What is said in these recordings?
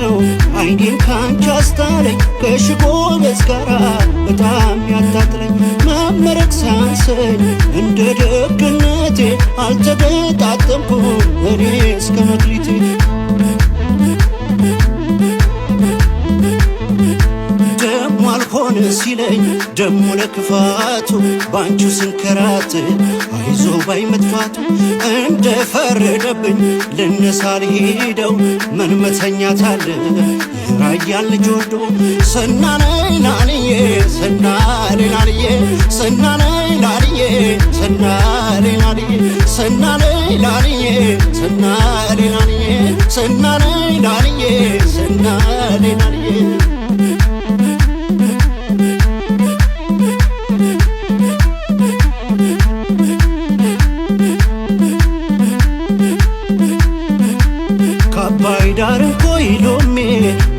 ነው አይኔን ካንቺ አስታረኝ ከሽጎ መስከራ በጣም ያታጥለኝ መመረቅ ሳንሰኝ እንደ ደግነቴ አልተገጣጠምኩ እኔ እስከ መክሊቴ ሲለኝ ደሞ ለክፋቱ ባንቹ ስንከራት አይዞ ባይ መጥፋቱ እንደ ፈረደብኝ ልነሳል ሄደው መንመተኛታለ ራያን ልጅ ወዶ ሰናነይ ላልዬ ሰናሌ ላልዬ ሰናነይ ላልዬ ሰናሌ ላልዬ ሰናነይ ላልዬ ሰናሌ ላልዬ ሰናነይ ላልዬ ሰናሌ ላልዬ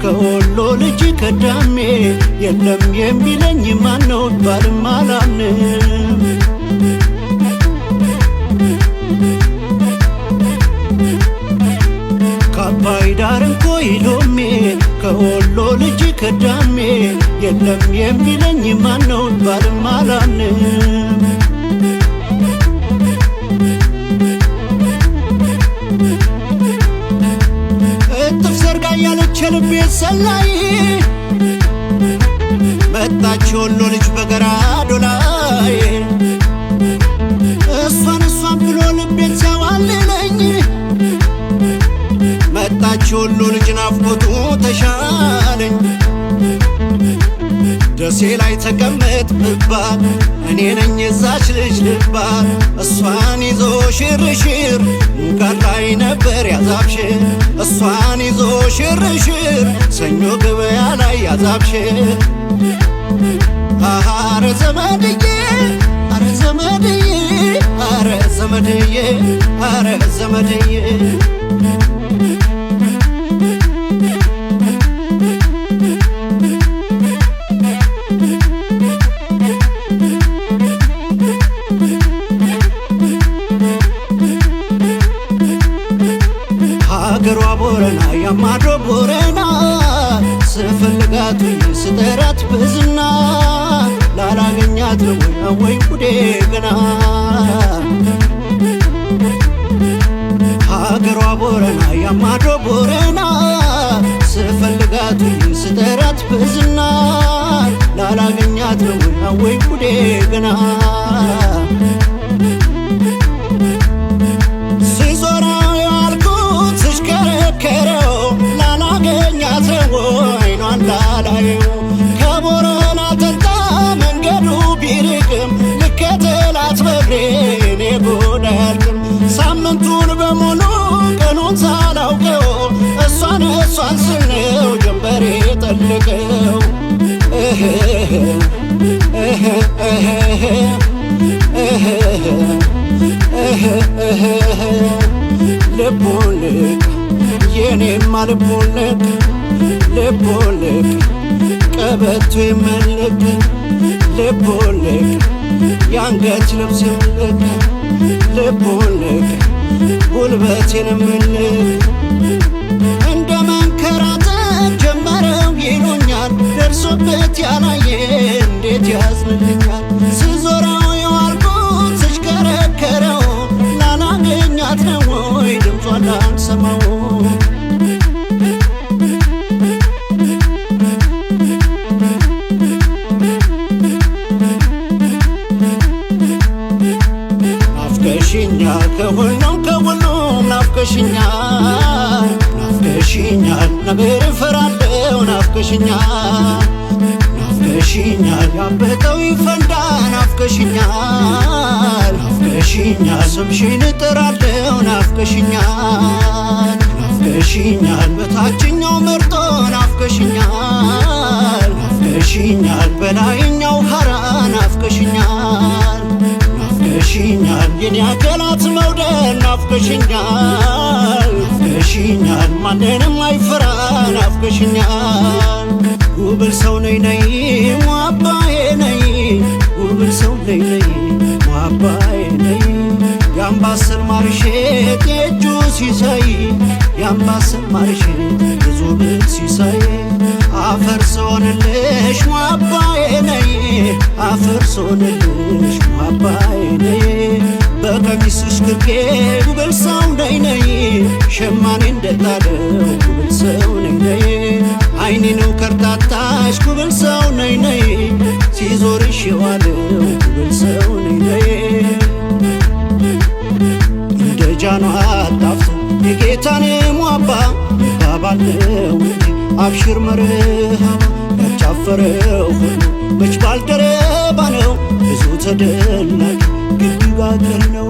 ከወሎ ልጅ ከዳሜ የለም የሚለኝ ማነው ባልም አላምንም ከአባይ ዳር እንኮ ይሎሜ ከወሎ ልጅ ከዳሜ የለም የሚለኝ ማነው ባልም አላምንም የት መጣች ወሎ ልጅ በገራዶ ላይ እሷን እሷን ብሎ ልቤት ሲያዋልለኝ መጣች ወሎ ልጅ ናፍቆቱ ተሻለኝ ኩርሴ ላይ ተቀመጥ ብባል እኔ ነኝ የዛች ልጅ ልባል። እሷን ይዞ ሽርሽር ሙጋር ላይ ነበር ያዛብሽ እሷን ይዞ ሽርሽር ሰኞ ገበያ ላይ ያዛብሽ አረ ዘመድዬ አረ ዘመድዬ አረ ዘመድዬ አረ ዘመድዬ ያማዶ ቦረና ስፈልጋት ስጠራት በዝና ላላገኛት ወይ ጉዴ ገና ሀገሯ ቦረና ያማዶ ቦረና ስፈልጋት ስጠራት በዝና ላላገኛት ወይ ጉዴ ገና ጠላት በግሬ እኔ ጎዳልም ሳምንቱን በሙሉ ቀኑን ሳላውቀው እሷን እሷን ስለው ጀንበሬ ጠልቀው ልቦልክ የኔማ ልቦልክ ልቦልክ ቀበቶ የመልክ ልቦልክ የአንገት ልብስ ልቡን ጉልበቴንም እንደ መንከራተት ጀመረው ይሉኛል ደርሶበት ያላየ ናፍቀሽኛል ናፍቀሽኛል ነገር ፈራለው ናፍቀሽኛል ናፍቀሽኛል ያበጠው ይፈንዳ ናፍቀሽኛል ናፍቀሽኛል ስምሽን እጠራለው ናፍቀሽኛል ናፍቀሽኛል በታችኛው መርጦ ናፍቀሽኛል ናፍቀሽኛል በላይኛው ሀራ ናፍቀሽኛል ናፍቀሽኛል የኔ አገላት መውደድ ናፍቀሽኛል ናፍቀሽኛል ማንንም አይፈራ ሰው ነይ ነይ ሟባዬ ነይ ሰው ነይ ነይ ሟባዬ ነይ የአምባሰል ማርሼት የእጁ ሲሳይ የአምባሰል ማርሼት ሲሳይ አፈር ሟባዬ ነይ አፈር ሟባዬ ነይ ከኪስሽ ግርጌ ጉብል ሰው ነይነይ ሸማኔ እንደታደግ ጉብል ሰው ነይነይ አይኔ ነው ከርታታሽ ጉብል ሰው ነይነይ ሲዞርሽ የዋለ ጉብል ሰው ነይነይ እንደ ጃኗ አጣፍቶ የጌታን ሟባ ባባለው አብሽር መርሃባ ያጫፈረው መች ባልደረባ ነው ብዙ ተደናቂ መዋቅር ነው።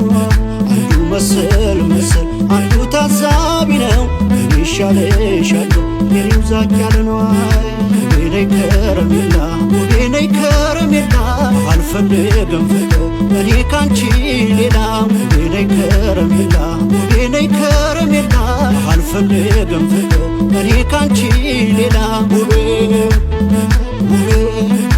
አንዱ መሰል መሰል አንዱ ታዛቢ ነው። እኔ ይሻለሻለሁ የኔው ዛቅ ያለ ነዋይ ውቤ ነይ ከረሜላ ውቤ ነይ ከረሜላ አልፈልግም ፍቅር እኔ ካንቺ ሌላ ውቤ ነይ ከረሜላ ውቤ ከረሜላ አልፈልግም ፍቅር እኔ ካንቺ ሌላ ውቤ ውቤ